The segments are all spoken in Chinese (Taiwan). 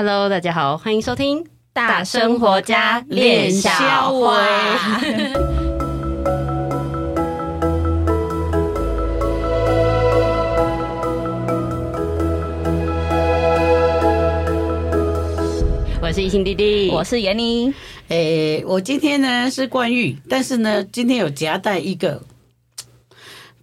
Hello，大家好，歡迎收聽《大生活家練小》活家練小小花。我是一星弟弟，我是嚴妮。誒，我今天呢是貫譽，但是呢今天有夾帶一個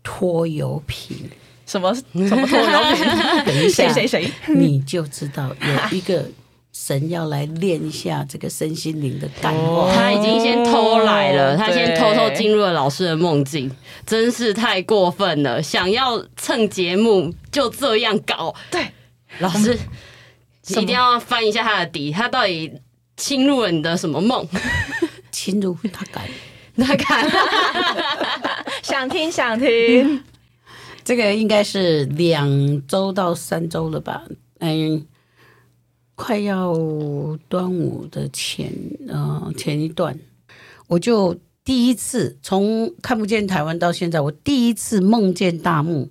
拖油瓶。什麼 什麼？什麼等一下誰誰誰，誰誰誰，你就知道有一個神要來練一下這個身心靈的感悟。哦、他已經先偷來了，對他先偷偷進入了老師的夢境，對真是太過分了！想要蹭節目就這樣搞，對，老師麼一定要翻一下他的底，他到底侵入了你的什麼夢？ 侵入他敢，他敢，想聽想聽。嗯這個應該是兩周到三周了吧，嗯、哎，快要端午的前，呃，前一段，我就第一次從看不見台灣到現在，我第一次夢見大木，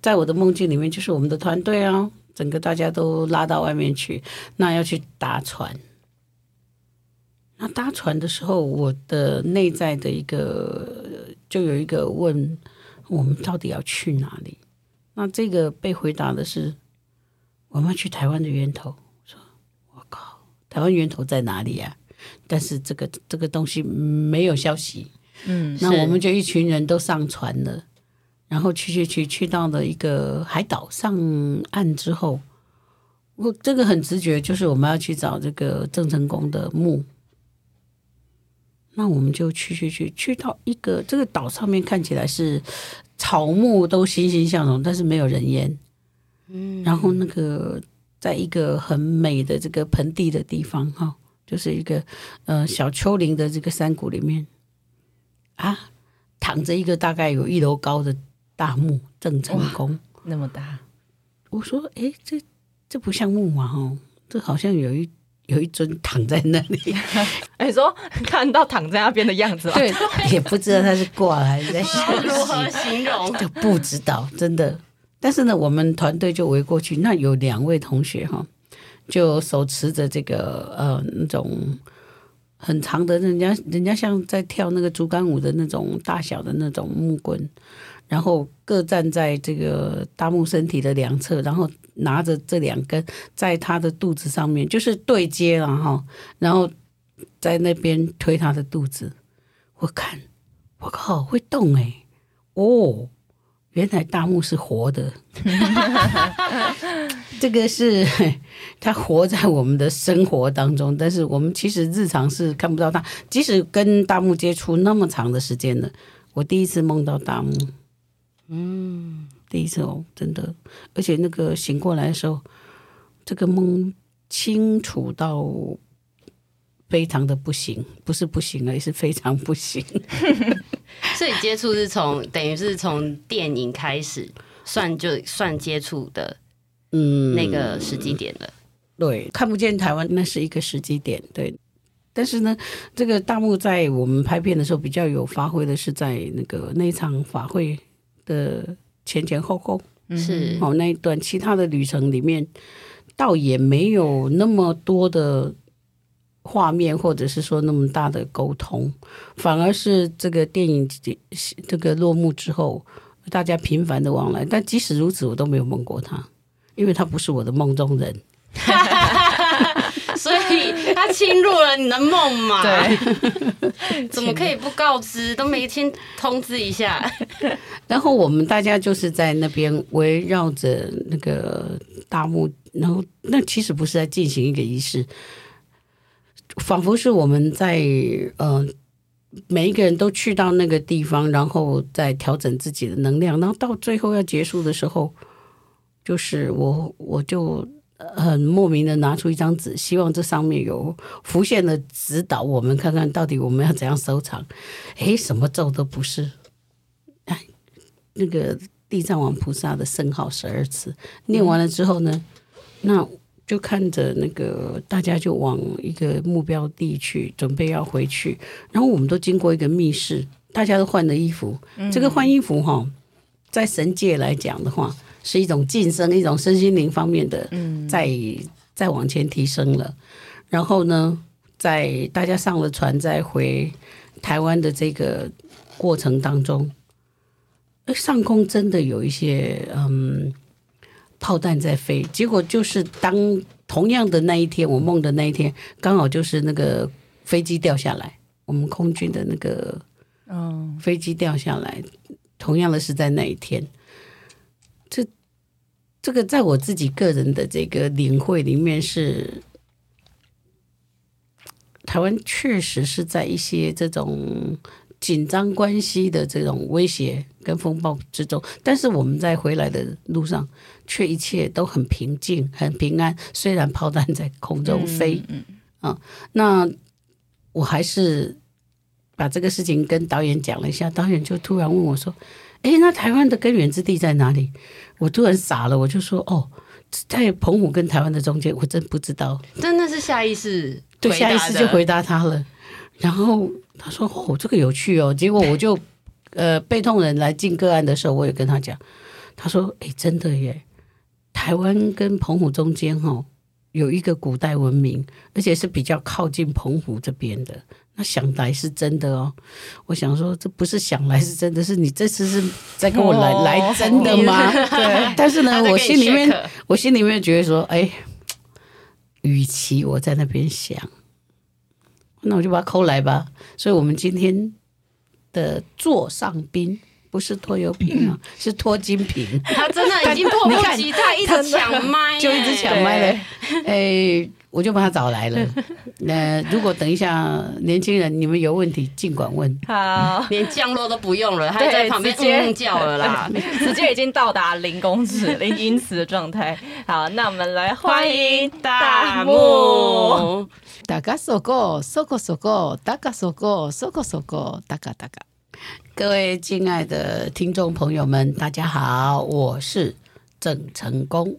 在我的夢境裡面，就是我們的團隊啊，整個大家都拉到外面去，那要去搭船，那搭船的時候，我的內在的一個就有一個問。我們到底要去哪裡？那這個被回答的是我們要去台灣的源頭。我說我靠，台灣源頭在哪裡啊？但是這個這個東西沒有消息。嗯，那我們就一群人都上船了，是然後去去去去到了一個海島上岸之後，我這個很直覺就是我們要去找這個鄭成功的墓。那我們就去去去去到一個這個島上面，看起來是草木都欣欣向榮，但是沒有人煙。嗯，然後那個在一個很美的這個盆地的地方、哦，哈，就是一個呃小丘陵的這個山谷裡面，啊，躺着一個大概有一樓高的大木，鄭成功、哦、那麼大。我說，哎，這這不像木嘛，哦，這好像有一。有一尊躺在那裡 ，哎，說看到躺在那邊的樣子， 對，也不知道他是掛了還是在休息 如何形容？就不知道，真的。但是呢，我們團隊就圍過去，那有兩位同學哈，就手持着這個呃那種很長的人家人家像在跳那個竹竿舞的那種大小的那種木棍，然後各站在這個大木身體的兩側，然後。拿着這兩根在他的肚子上面，就是對接了哈，然後在那邊推他的肚子。我看，我靠，會動哎！哦，原來大木是活的。這個是他活在我們的生活當中，但是我們其實日常是看不到他。即使跟大木接觸那麼長的時間了，我第一次夢到大木。嗯。第一次哦，真的，而且那個醒過來的時候，這個夢清楚到非常的不行，不是不行而，而是非常不行。 所以接觸是從 等於是從電影開始算，就算接觸的，嗯，那個時機點了、嗯。對，看不見台灣那是一個時機點，對。但是呢，這個大木在我們拍片的時候比較有發揮的是在那個那一場法會的。前前後後是哦，那一段，其他的旅程裡面，倒也沒有那麼多的畫面，或者是說那麼大的溝通，反而是這個電影這個落幕之後，大家頻繁的往來。但即使如此，我都沒有夢過他，因為他不是我的夢中人。 侵入了你的夢嘛？對， 怎麼可以不告知？ 都沒先通知一下。 然後我們大家就是在那邊圍繞着那個大木，然後那其實不是在進行一個儀式，仿佛是我們在嗯、呃，每一個人都去到那個地方，然後再調整自己的能量。然後到最後要結束的時候，就是我我就。很莫名的拿出一張紙，希望這上面有浮現的指導，我們看看到底我們要怎樣收場。哎，什麼咒都不是。哎，那個地藏王菩薩的聖號十二次念完了之後呢，嗯、那就看着那個大家就往一個目標地去，準備要回去。然後我們都經過一個密室，大家都換了衣服。嗯、這個換衣服哈，在神界來講的話。是一種晉升，一種身心靈方面的，嗯，再再往前提升了。然後呢，在大家上了船，再回台灣的這個過程當中，上空真的有一些嗯炮彈在飛。結果就是，當同樣的那一天，我夢的那一天，剛好就是那個飛機掉下來，我們空軍的那個嗯飛機掉下來，嗯，同樣的是在那一天。這個在我自己個人的這個領會裡面是，是台灣確實是在一些這種緊張關係的這種威脅跟風暴之中，但是我們在回來的路上卻一切都很平靜、很平安。雖然炮彈在空中飛，嗯，嗯，嗯，啊、嗯，那我還是把這個事情跟導演講了一下，導演就突然問我說：“誒，那台灣的根源之地在哪裡？”我突然傻了，我就說：“哦，在澎湖跟台灣的中間，我真不知道。”真的是下意識，對，下意識就回答他了。然後他說：“哦，這個有趣哦。”結果我就，對呃，背痛人來進個案的時候，我也跟他講，他說：“哎，真的耶，台灣跟澎湖中間哦，有一個古代文明，而且是比較靠近澎湖這邊的。”他想來是真的哦，我想說這不是想來是真的，是你這次是在跟我來、哦、來真的嗎？哦、對， 對但是呢，我心裡面我心裡面覺得說，哎，與其我在那邊想，那我就把他扣來吧。所以，我們今天的座上賓不是拖油瓶啊，嗯、是拖金瓶。他真的已經迫不及待， 一直搶麥、欸， 就一直搶麥了哎。對欸我就把他找來了。那、呃、如果等一下年輕人，你們有問題盡管問。好， 連降落都不用了，還在旁邊尖叫了啦，直接， 直接已經到達零公尺、零英尺的狀態。好，那我們來歡迎大木。大家說過，說過，說過，大家說過，大家大家。各位親愛的聽眾朋友們，大家好，我是鄭成功。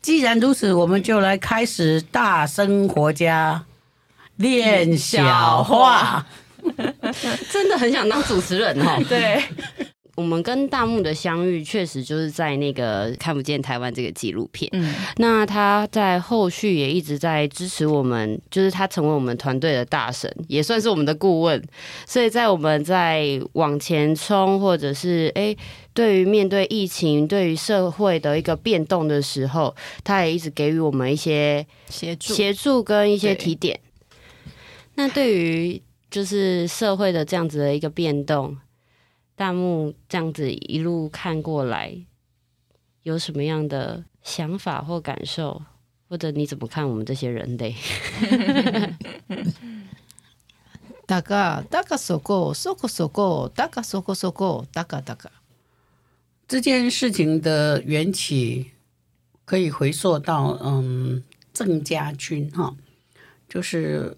既然如此，我們就來開始大生活家練小話， 真的很想當主持人哦。對。我們跟大木的相遇，確實就是在那個看不見台灣這個紀錄片。嗯，那他在後續也一直在支持我們，就是他成為我們團隊的大神，也算是我們的顧問。所以在我們在往前衝，或者是哎，對於面對疫情，對於社會的一個變動的時候，他也一直給予我們一些協助、協助跟一些提點。對，那對於就是社會的這樣子的一個變動。大木這樣子一路看過來，有什麼樣的想法或感受，或者你怎麼看我們這些人？的，大哥大哥說過說過說過大哥說過說過大哥大哥這件事情的緣起，可以回溯到嗯鄭家軍哈、嗯，就是。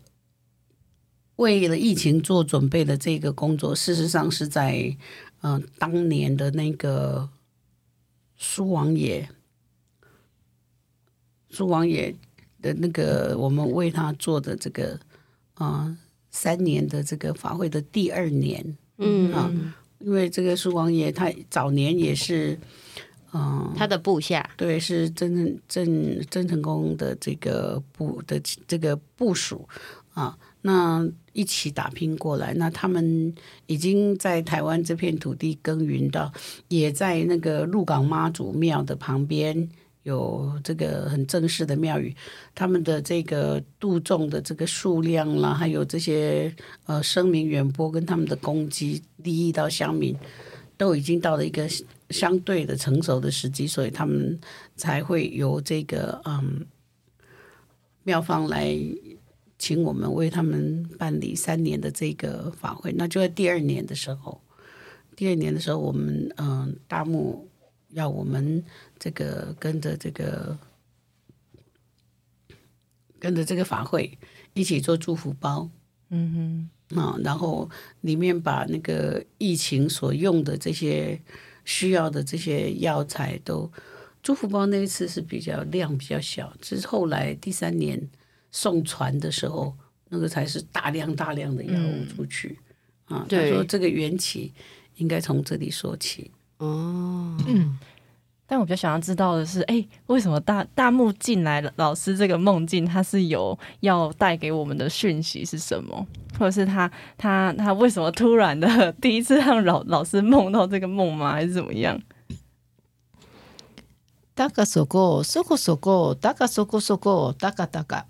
為了疫情做準備的這個工作，事實上是在嗯、呃、當年的那個蘇王爺，蘇王爺的那個我們為他做的這個嗯、呃、三年的這個法會的第二年，嗯啊，因為這個蘇王爺他早年也是嗯、呃、他的部下，對，是鄭鄭鄭成功的這個部的這個部屬啊。那一起打拼過來，那他們已經在台灣這片土地耕耘到，也在那個鹿港媽祖廟的旁邊有這個很正式的廟宇，他們的這個度眾的這個數量啦，還有這些呃聲名遠播，跟他們的攻擊，利益到鄉民，都已經到了一個相對的成熟的時機，所以他們才會由這個嗯廟方來。請我們為他們辦理三年的這個法會，那就在第二年的時候，第二年的時候，我們嗯、呃，大木要我們這個跟着這個跟着這個法會一起做祝福包，嗯哼，啊、嗯，然後裡面把那個疫情所用的這些需要的這些藥材都祝福包，那一次是比較量比較小，只是後來第三年。送船的時候，那個才是大量大量的藥物出去、嗯、啊！對他說：“這個緣起應該從這裡說起。”哦，嗯。但我比較想要知道的是，誒、欸，為什麼大大木進來了？老師這個夢境，它是有要帶給我們的訊息是什麼？或者是他他他為什麼突然的第一次讓老老師夢到這個夢嗎？還是怎麼樣？大卡索過，索過索過，大卡索過索過，大卡大卡。タカタカ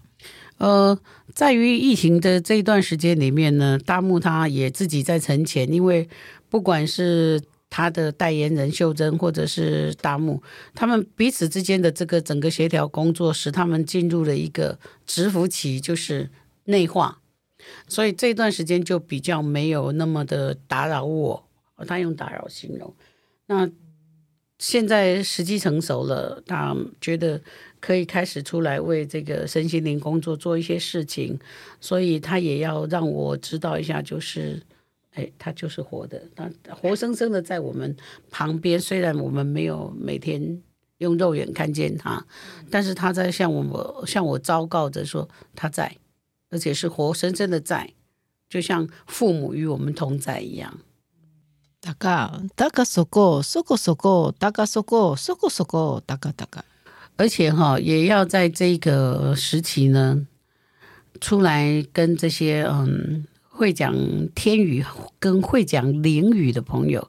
呃，在於疫情的這一段時間裡面呢，大木他也自己在沉潛，因為不管是他的代言人繡珍，或者是大木，他們彼此之間的這個整個協調工作，使他們進入了一個蟄伏期，就是內化，所以這段時間就比較沒有那麼的打擾我，哦、他用打擾形容。那現在時機成熟了，他覺得。可以開始出來為這個身心靈工作做一些事情，所以他也要讓我知道一下，就是，哎，他就是活的，他活生生的在我們旁邊。雖然我們沒有每天用肉眼看見他，但是他在向我，向我昭告着說他在，而且是活生生的在，就像父母與我們同在一樣。大嘎大嘎，嘎嗦咕嗦咕嗦咕噠嘎嗦咕嗦咕嗦咕噠嘎噠嘎。而且哈、哦，也要在這個時期呢，出來跟這些嗯，會講天語跟會講靈語的朋友，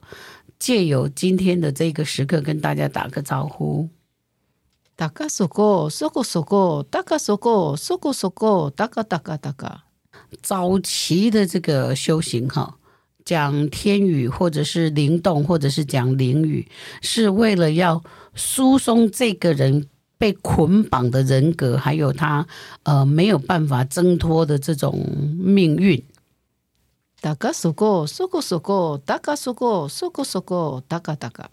借由今天的這個時刻跟大家打個招呼。大家說過說過說過，大家說過說過說過，大家大家大家，早期的這個修行哈，講天語或者是靈動或者是講靈語，是為了要疏鬆這個人。被捆綁的人格，還有他呃沒有辦法掙脫的這種命運。大家說過說過說過，大家說過說過說過，大家大家。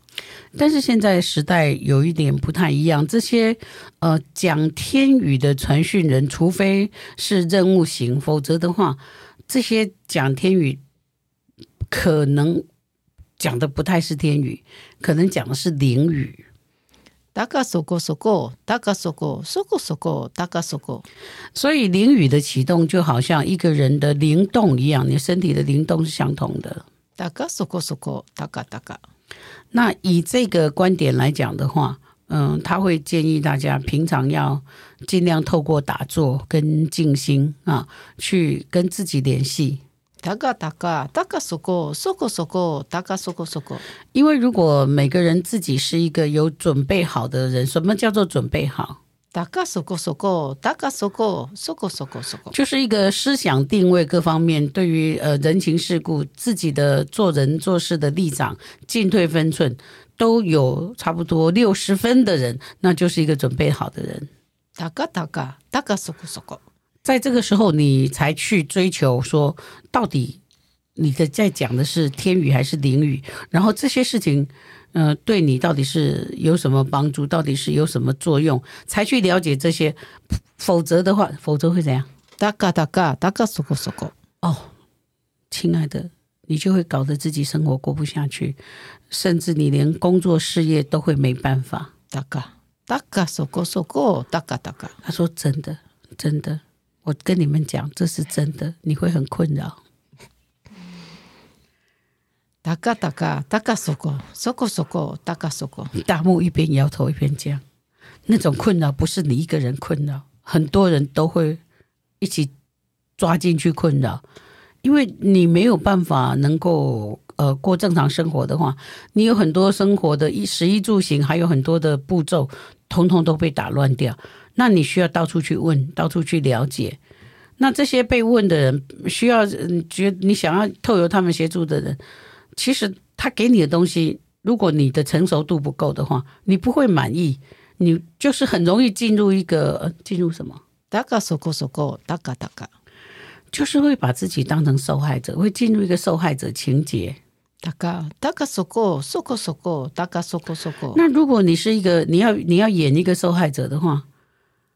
但是現在時代有一點不太一樣，這些呃講天語的傳訊人，除非是任務型，否則的話，這些講天語可能講的不太是天語，可能講的是靈語。大家說過說過，大家說過說過說過，大家說過。所以靈語的啟動就好像一個人的靈動一樣，你身體的靈動是相同的。大家說過說過，大家大家。那以這個觀點來講的話，嗯，他會建議大家平常要盡量透過打坐跟靜心啊，去跟自己聯繫。大家，大家，大家說過說過說過，大家說過說過。因為如果每個人自己是一個有準備好的人，什麼叫做準備好？大家說過說過，大家說過說過說過說過。就是一個思想定位各方面，對於呃人情世故、自己的做人做事的立場、進退分寸，都有差不多六十分的人，那就是一個準備好的人。大家，大家，大家說過說過。在這個時候，你才去追求說，到底你的在講的是天語還是靈語，然後這些事情，呃，對你到底是有什麼幫助，到底是有什麼作用，才去了解這些。否則的話，否則會怎樣？大嘎大嘎大嘎，嗦過嗦過。哦，親愛的，你就會搞得自己生活過不下去，甚至你連工作事業都會沒辦法。大嘎大嘎，嗦過嗦過，大嘎大嘎，他說真的，真的。我跟你們講，這是真的，你會很困擾。大家，大家，大家說過，說過，說過，大家說過。大木一邊搖頭一邊講，那種困擾不是你一個人困擾，很多人都會一起抓進去困擾，因為你沒有辦法能夠呃過正常生活的話，你有很多生活的食衣住行，還有很多的步驟，通通都被打亂掉。那你需要到處去問，到處去了解。那這些被問的人，需要嗯，覺得你想要透由他們協助的人，其實他給你的東西，如果你的成熟度不夠的話，你不會滿意，你就是很容易進入一個進入、嗯、進入什麼？大家說過說過，大家大家，就是會把自己當成受害者，會進入一個受害者情節。大家大家說過說過說過，大家說過說過。那如果你是一個你要你要演一個受害者的話，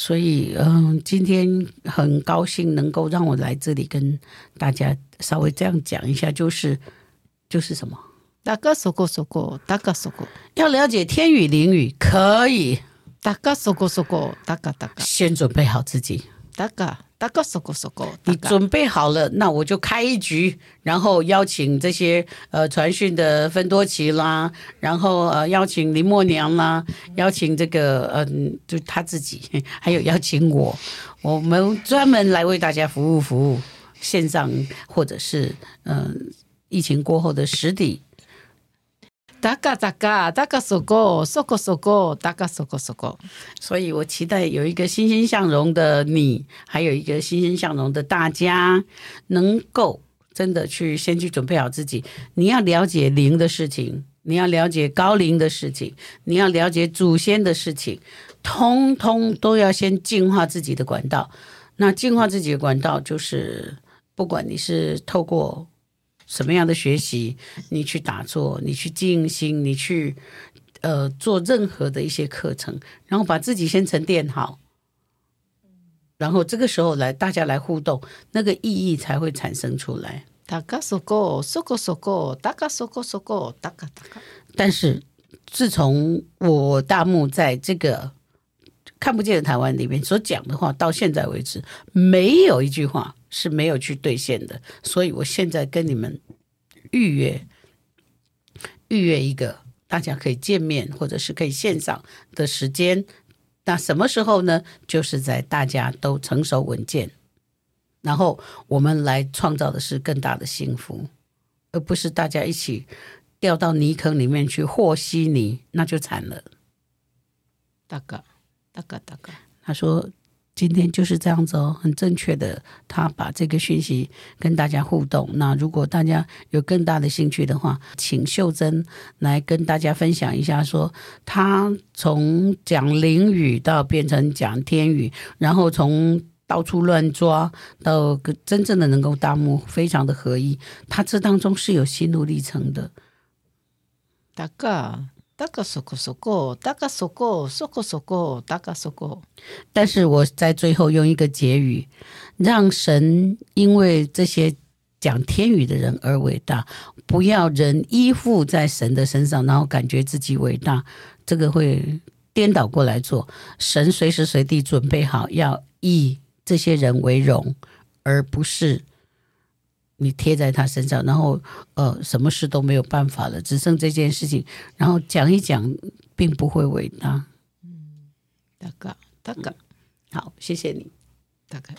所以，嗯、呃，今天很高興能夠讓我來這裡跟大家稍微這樣講一下，就是，就是什麼？大哥說過說過，大哥說過，要了解天語靈語可以，大哥說過說過，大哥大哥，先準備好自己。大哥，大哥，說夠說夠，你準備好了，那我就開一局，然後邀請這些呃傳訊的芬多奇啦，然後呃邀請林默娘啦，邀請這個嗯、呃、就他自己，還有邀請我，我們專門來為大家服務服務，線上或者是嗯、呃、疫情過後的實體。大大大說過，說過，說過，大說過，說過。所以我期待有一個欣欣向榮的你，還有一個欣欣向榮的大家，能夠真的去先去準備好自己。你要了解靈的事情，你要了解高靈的事情，你要了解祖先的事情，通通都要先淨化自己的管道。那淨化自己的管道，就是不管你是透過。什麼樣的學習？你去打坐，你去靜心，你去呃做任何的一些課程，然後把自己先沉澱好，然後這個時候來大家來互動，那個意義才會產生出來。大家說說說大家說說大但是自從我大木在這個看不見的台灣裡面所講的話，到現在為止，沒有一句話。是沒有去兌現的，所以我現在跟你們預約預約一個大家可以見面，或者是可以線上的時間。那什麼時候呢？就是在大家都成熟穩健，然後我們來創造的是更大的幸福，而不是大家一起掉到泥坑裡面去和稀泥，那就慘了。大哥、嗯，大、嗯、哥，大哥，他說。今天就是這樣子哦，很正確的，他把這個訊息跟大家互動。那如果大家有更大的興趣的話，請秀珍來跟大家分享一下說，說他從講靈語到變成講天語，然後從到處亂抓到真正的能夠大木，非常的合一。他這當中是有心路歷程的。大哥大家說過說過，大家說過說過說過，大家說過。但是我在最後用一個結語，讓神因為這些講天語的人而偉大，不要人依附在神的身上，然後感覺自己偉大，這個會顛倒過來做。神隨時隨地準備好要以這些人為榮，而不是。你貼在他身上，然後，呃，什麼事都沒有辦法了，只剩這件事情，然後講一講，並不會偉大。大哥，大哥，好，謝謝你，大哥。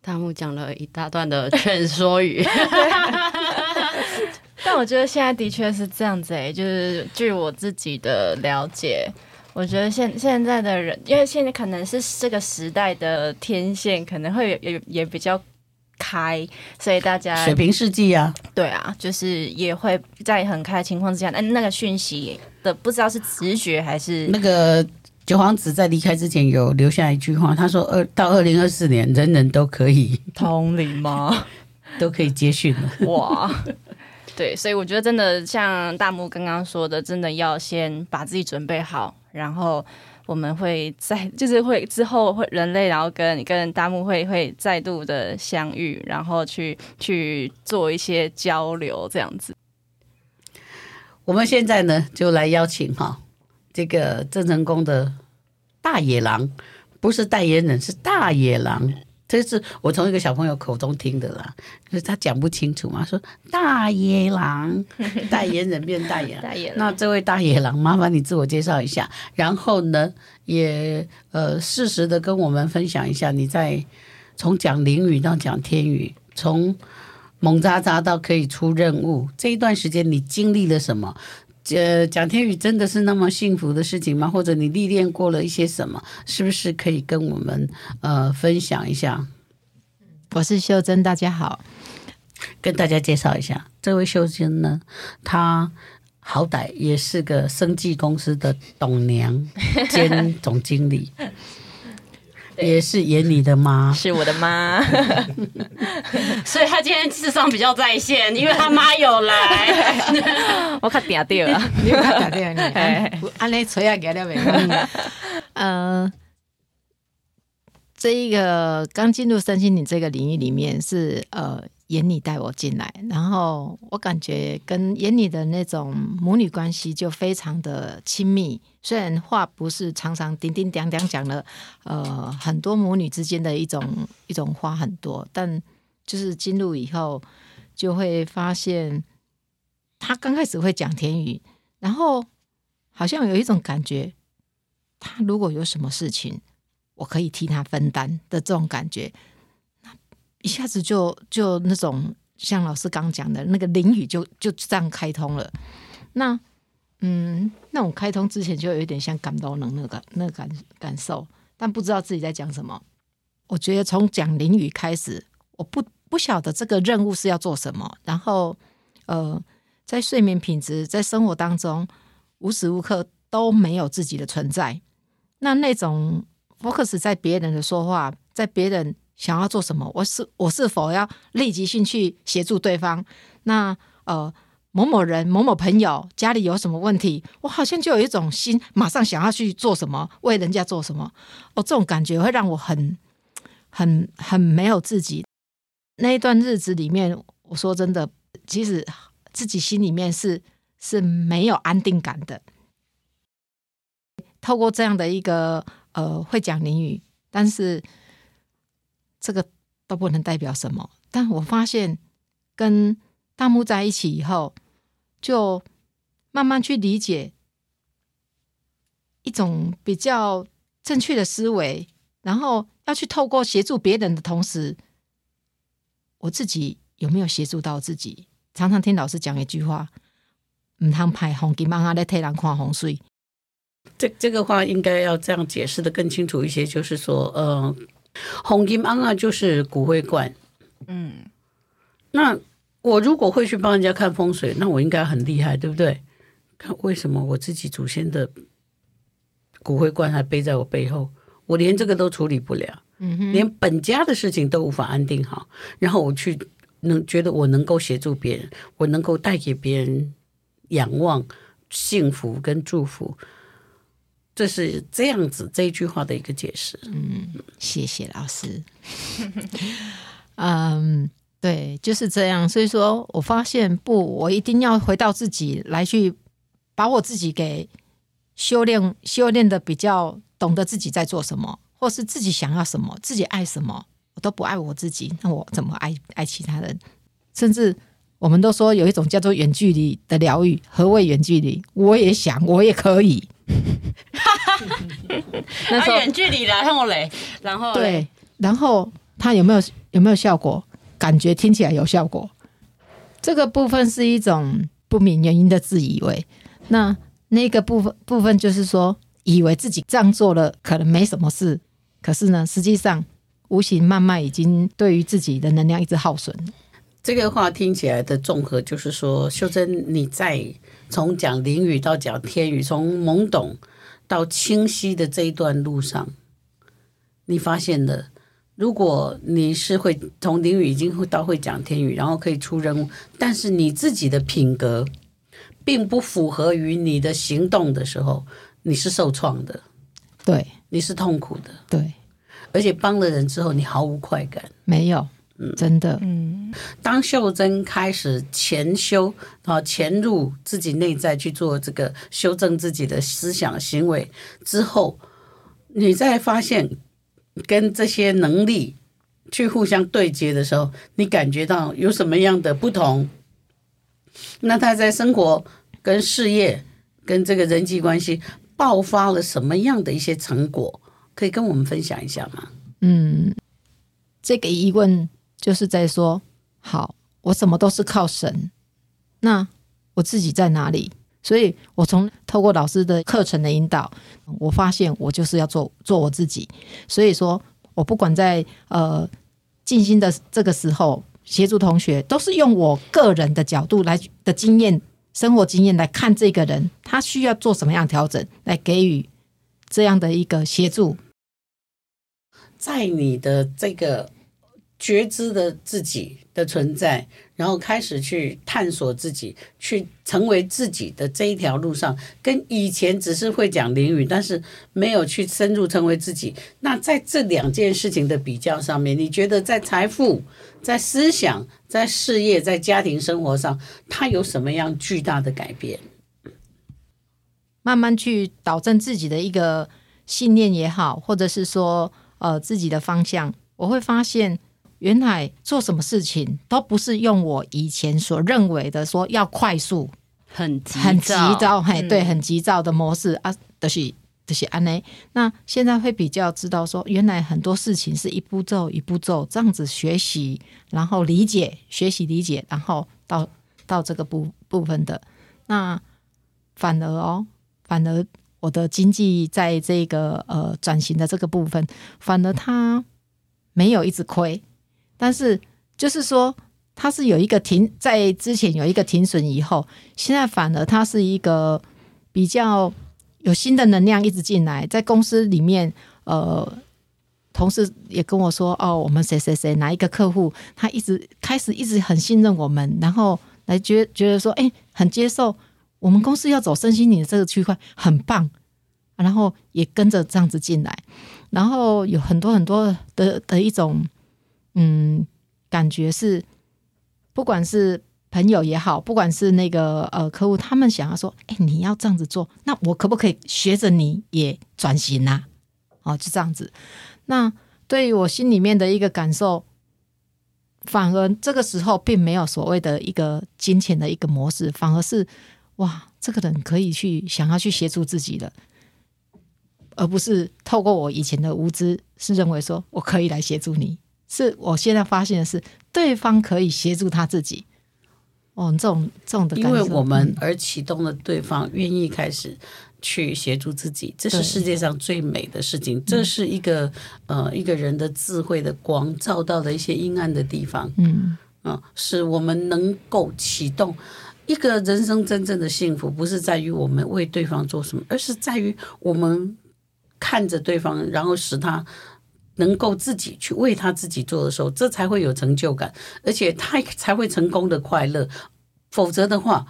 大木講了一大段的勸說語， 但我覺得現在的確是這樣子誒，就是據我自己的了解，我覺得現現在的人，因為現在可能是這個時代的天線可能會也也比較。開，所以大家水瓶世紀啊。對啊，就是也會在很開的情況之下，那、哎、那個訊息的不知道是直覺還是那個九皇子在離開之前有留下一句話，他說二到二零二四年人人都可以通靈嗎？都可以接訊。哇，對，所以我覺得真的像大木剛剛說的，真的要先把自己準備好，然後。我們會在，就是會之後會人類，然後跟跟大木會會再度的相遇，然後去去做一些交流這樣子。我們現在呢，就來邀請哈這個鄭成功的大野狼，不是代言人，是大野狼。這是我從一個小朋友口中聽的啦，可是他講不清楚嘛，說大野狼代言人變代言， 大野狼那這位大野狼，麻煩你自我介紹一下，然後呢，也呃適時的跟我們分享一下，你在從講靈語到講天語，從懵渣渣到可以出任務這一段時間，你經歷了什麼？呃，講天語真的是那麼幸福的事情嗎？或者你歷練過了一些什麼？是不是可以跟我們呃分享一下？我是繡珍，大家好，跟大家介紹一下，這位繡珍呢，她好歹也是個生技公司的董娘兼總經理。 也是演你的媽是我的媽， 所以她今天智商比較在線，因為她媽有來。 我卡掉掉了，你卡掉掉了，你。我按你錘啊，給掉沒？嗯，這一個剛進入身心靈這個領域裡面是呃。演你帶我進來，然後我感覺跟演你的那種母女關係就非常的親密。雖然話不是常常叮叮當當講了，呃，很多母女之間的一種一種話很多，但就是進入以後就會發現，他剛開始會講天語，然後好像有一種感覺，他如果有什麼事情，我可以替他分擔的這種感覺。一下子就就那種像老師剛講的那個靈語，就就這樣開通了。那嗯，那種開通之前就有點像感到冷那個那個、感感受，但不知道自己在講什麼。我覺得從講靈語開始，我不不曉得這個任務是要做什麼。然後呃，在睡眠品質，在生活當中，無時無刻都沒有自己的存在。那那種 focus 在別人的說話，在別人。想要做什麼？我是我是否要立即性去協助對方？那呃，某某人、某某朋友家裡有什麼問題？我好像就有一種心，馬上想要去做什麼，為人家做什麼。哦，這種感覺會讓我很、很、很沒有自己。那一段日子裡面，我說真的，其實自己心裡面是是沒有安定感的。透過這樣的一個呃，會講靈語，但是。這個都不能代表什麼，但我發現跟大木在一起以後，就慢慢去理解一種比較正確的思維，然後要去透過協助別人的同時，我自己有沒有協助到自己？常常聽老師講一句話：“唔通拍紅給忙阿的太郎看洪水。啊”這這個話應該要這樣解釋得更清楚一些，就是說，嗯、呃。紅金安啊，就是骨灰罐。嗯，那我如果會去幫人家看風水，那我應該很厲害，對不對？看為什麼我自己祖先的骨灰罐還背在我背後？我連這個都處理不了，嗯哼，連本家的事情都無法安定好，然後我去能覺得我能夠協助別人，我能夠帶給別人仰望、幸福跟祝福。這是這樣子，這一句話的一個解釋。嗯，謝謝老師。 嗯，對，就是這樣。所以說，我發現不，我一定要回到自己來去把我自己給修煉，修煉的比較懂得自己在做什麼，或是自己想要什麼，自己愛什麼，我都不愛我自己，那我怎麼愛愛其他人？甚至我們都說有一種叫做遠距離的療癒。何謂遠距離？我也想，我也可以。 哈遠 候、啊、距離來，然後嘞，然後 對，然後他有沒有有沒有效果？感覺聽起來有效果。這個部分是一種不明原因的自以為。那那個部分部分就是說，以為自己這樣做了可能沒什麼事，可是呢，實際上無形慢慢已經對於自己的能量一直耗損。這個話聽起來的綜合就是說，繡珍你在從講靈語到講天語從懵懂。到清晰的這一段路上，你發現的，如果你是會從靈語已經會到會講天語，然後可以出任務，但是你自己的品格並不符合於你的行動的時候，你是受創的，對，你是痛苦的，對，而且幫了人之後，你毫無快感，沒有。嗯，真的。嗯，當繡珍開始潛修啊，然後潛入自己內在去做這個修正自己的思想行為之後，你再發現跟這些能力去互相對接的時候，你感覺到有什麼樣的不同？那他在生活、跟事業、跟這個人際關係爆發了什麼樣的一些成果？可以跟我們分享一下嗎？嗯，這個疑問。就是在說，好，我什麼都是靠神，那我自己在哪裡？所以，我從透過老師的課程的引導，我發現我就是要做做我自己。所以說我不管在呃靜心的這個時候協助同學，都是用我個人的角度來的經驗、生活經驗來看這個人，他需要做什麼樣的調整，來給予這樣的一個協助。在你的這個。覺知的自己的存在，然後開始去探索自己，去成為自己的這一條路上，跟以前只是會講靈語，但是沒有去深入成為自己。那在這兩件事情的比較上面，你覺得在財富、在思想、在事業、在家庭生活上，它有什麼樣巨大的改變？慢慢去導正自己的一個信念也好，或者是說呃自己的方向，我會發現。原來做什麼事情都不是用我以前所認為的說要快速，很很急躁，急躁嗯、嘿，對，很急躁的模式啊，都、就是都、就是安內。那現在會比較知道說，原來很多事情是一步驟一步驟這樣子學習，然後理解學習理解，然後到到這個部部分的，那反而哦，反而我的經濟在這個呃轉型的這個部分，反而它沒有一直虧。但是，就是說，他是有一個停，在之前有一個停損以後，現在反而他是一個比較有新的能量一直進來，在公司裡面，呃，同事也跟我說，哦，我們誰誰誰哪一個客戶，他一直開始一直很信任我們，然後來覺得覺得說，哎、欸，很接受我們公司要走身心靈這個區塊，很棒，然後也跟着這樣子進來，然後有很多很多的的一種。嗯，感覺是，不管是朋友也好，不管是那個呃客戶，他們想要說，哎、欸，你要這樣子做，那我可不可以學着你也轉型啊？哦，就這樣子。那對於我心裡面的一個感受，反而這個時候並沒有所謂的一個金錢的一個模式，反而是哇，這個人可以去想要去協助自己的，而不是透過我以前的無知，是認為說我可以來協助你。是我現在發現的是，對方可以協助他自己。哦，這種這種的感，因為我們而啟動了對方，嗯、願意開始去協助自己，這是世界上最美的事情。對這是一個、嗯、呃，一個人的智慧的光照到的一些陰暗的地方。嗯、呃、使我們能夠啟動一個人生真正的幸福，不是在於我們為對方做什麼，而是在於我們看着對方，然後使他，能夠自己去為他自己做的時候，這才會有成就感，而且他才會成功的快樂。否則的話，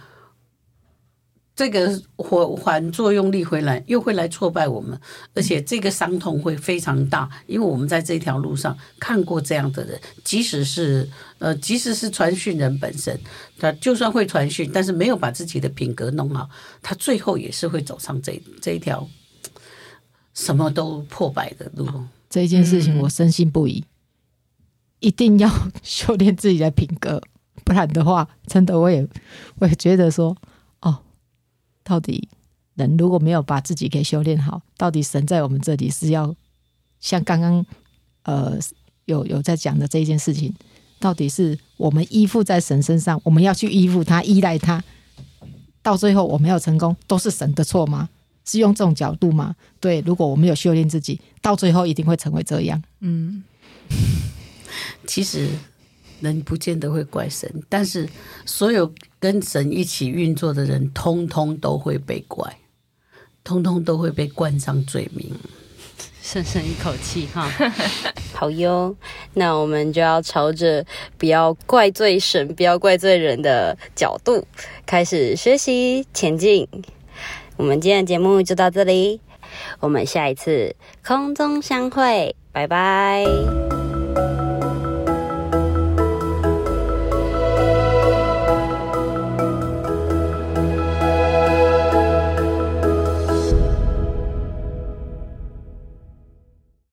這個反反作用力回來，又會來挫敗我們，而且這個傷痛會非常大。因為我們在這條路上看過這樣的人，即使是呃，即使是傳訊人本身，他就算會傳訊，但是沒有把自己的品格弄好，他最後也是會走上這這一條什麼都破敗的路。這件事情我深信不疑，嗯、一定要修煉自己的品格，不然的話，真的我也我也覺得說，哦，到底人如果沒有把自己給修煉好，到底神在我們這裡是要像剛剛呃有有在講的這一件事情，到底是我們依附在神身上，我們要去依附他、依賴他，到最後我沒有成功，都是神的錯嗎？是用這種角度嗎？對，如果我們有修煉自己，到最後一定會成為這樣。嗯，其實人不見得會怪神，但是所有跟神一起運作的人，通通都會被怪，通通都會被冠上罪名。深深一口氣哈， 好喲，那我們就要朝着不要怪罪神、不要怪罪人的角度開始學習前進。我們今天的節目就到這裡，我們下一次空中相會，拜拜。